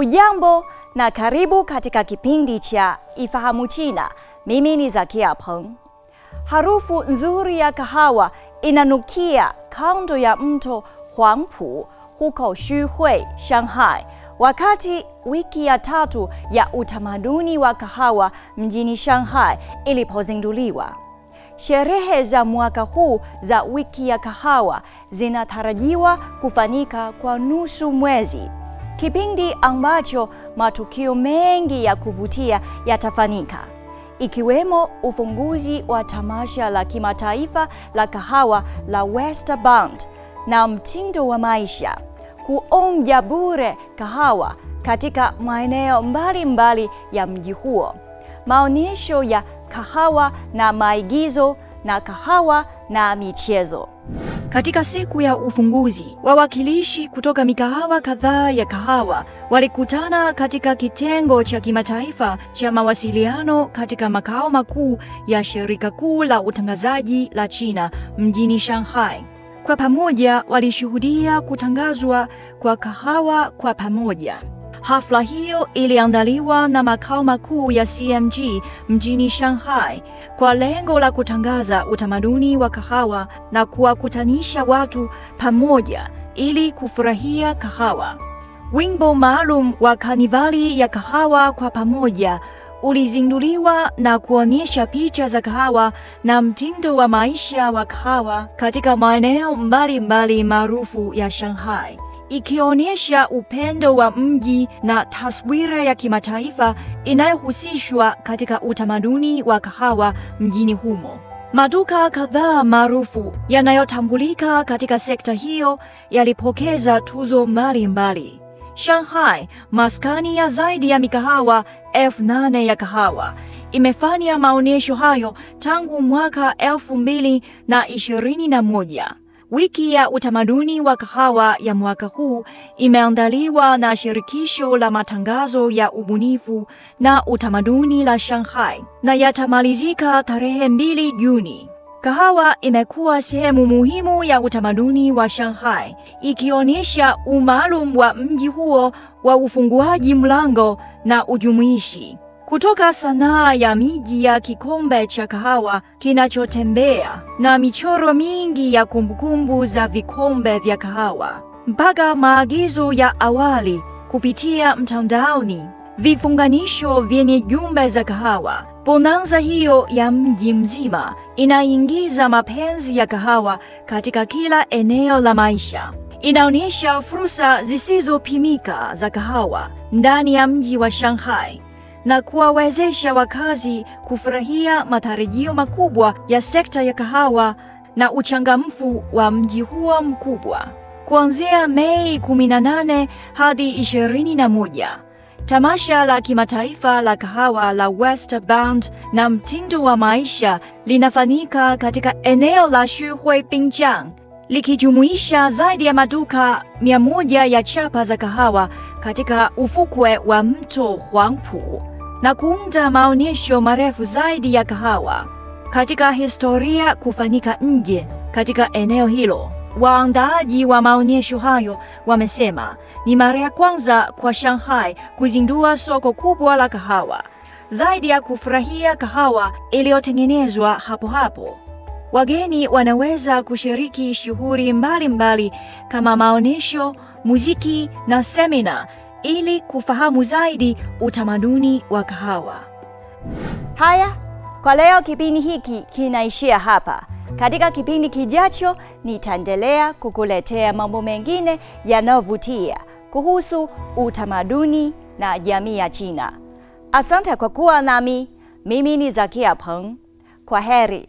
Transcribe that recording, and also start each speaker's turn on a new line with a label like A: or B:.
A: ujambo na karibu katika kipindi cha Ifahamu China. Mimi ni Zakia Peng. Harufu nzuri ya kahawa inanukia kando ya mto Huangpu huko Xuhui, Shanghai, wakati wiki ya tatu ya utamaduni wa kahawa mjini Shanghai ilipozinduliwa. Sherehe za mwaka huu za wiki ya kahawa zinatarajiwa kufanyika kwa nusu mwezi kipindi ambacho matukio mengi ya kuvutia yatafanyika ikiwemo ufunguzi wa tamasha la kimataifa la kahawa la Band na mtindo wa maisha, kuonja bure kahawa katika maeneo mbalimbali ya mji huo, maonyesho ya kahawa na maigizo na kahawa na michezo.
B: Katika siku ya ufunguzi, wawakilishi kutoka mikahawa kadhaa ya kahawa walikutana katika kitengo cha kimataifa cha mawasiliano katika makao makuu ya shirika kuu la utangazaji la China mjini Shanghai. Kwa pamoja walishuhudia kutangazwa kwa kahawa kwa pamoja. Hafla hiyo iliandaliwa na makao makuu ya CMG mjini Shanghai kwa lengo la kutangaza utamaduni wa kahawa na kuwakutanisha watu pamoja ili kufurahia kahawa. Wimbo maalum wa kanivali ya Kahawa kwa Pamoja ulizinduliwa na kuonyesha picha za kahawa na mtindo wa maisha wa kahawa katika maeneo mbalimbali maarufu ya Shanghai ikionyesha upendo wa mji na taswira ya kimataifa inayohusishwa katika utamaduni wa kahawa mjini humo. Maduka kadhaa maarufu yanayotambulika katika sekta hiyo yalipokeza tuzo mbalimbali. Shanghai, maskani ya zaidi ya mikahawa elfu nane ya kahawa imefanya maonyesho hayo tangu mwaka elfu mbili na ishirini na moja. Wiki ya utamaduni wa kahawa ya mwaka huu imeandaliwa na shirikisho la matangazo ya ubunifu na utamaduni la Shanghai na yatamalizika tarehe mbili Juni. Kahawa imekuwa sehemu muhimu ya utamaduni wa Shanghai, ikionyesha umaalum wa mji huo wa ufunguaji mlango na ujumuishi kutoka sanaa ya miji ya kikombe cha kahawa kinachotembea na michoro mingi ya kumbukumbu za vikombe vya kahawa mpaka maagizo ya awali kupitia mtandaoni, vifunganisho vyenye jumbe za kahawa. Bonanza hiyo ya mji mzima inaingiza mapenzi ya kahawa katika kila eneo la maisha. Inaonyesha fursa zisizopimika za kahawa ndani ya mji wa Shanghai na kuwawezesha wakazi kufurahia matarajio makubwa ya sekta ya kahawa na uchangamfu wa mji huo mkubwa. Kuanzia Mei 18 hadi 21, tamasha la kimataifa la kahawa la Westbound na mtindo wa maisha linafanyika katika eneo la Shuhui Binjiang likijumuisha zaidi ya maduka mia moja ya chapa za kahawa katika ufukwe wa mto Huangpu na kuunda maonyesho marefu zaidi ya kahawa katika historia kufanyika nje katika eneo hilo. Waandaaji wa maonyesho hayo wamesema ni mara ya kwanza kwa Shanghai kuzindua soko kubwa la kahawa zaidi ya kufurahia kahawa iliyotengenezwa hapo hapo. Wageni wanaweza kushiriki shughuli mbalimbali kama maonyesho, muziki na semina ili kufahamu zaidi utamaduni wa kahawa.
A: Haya, kwa leo kipindi hiki kinaishia hapa. Katika kipindi kijacho nitaendelea kukuletea mambo mengine yanayovutia kuhusu utamaduni na jamii ya China. Asante kwa kuwa nami. Mimi ni Zakia Peng. Kwa heri.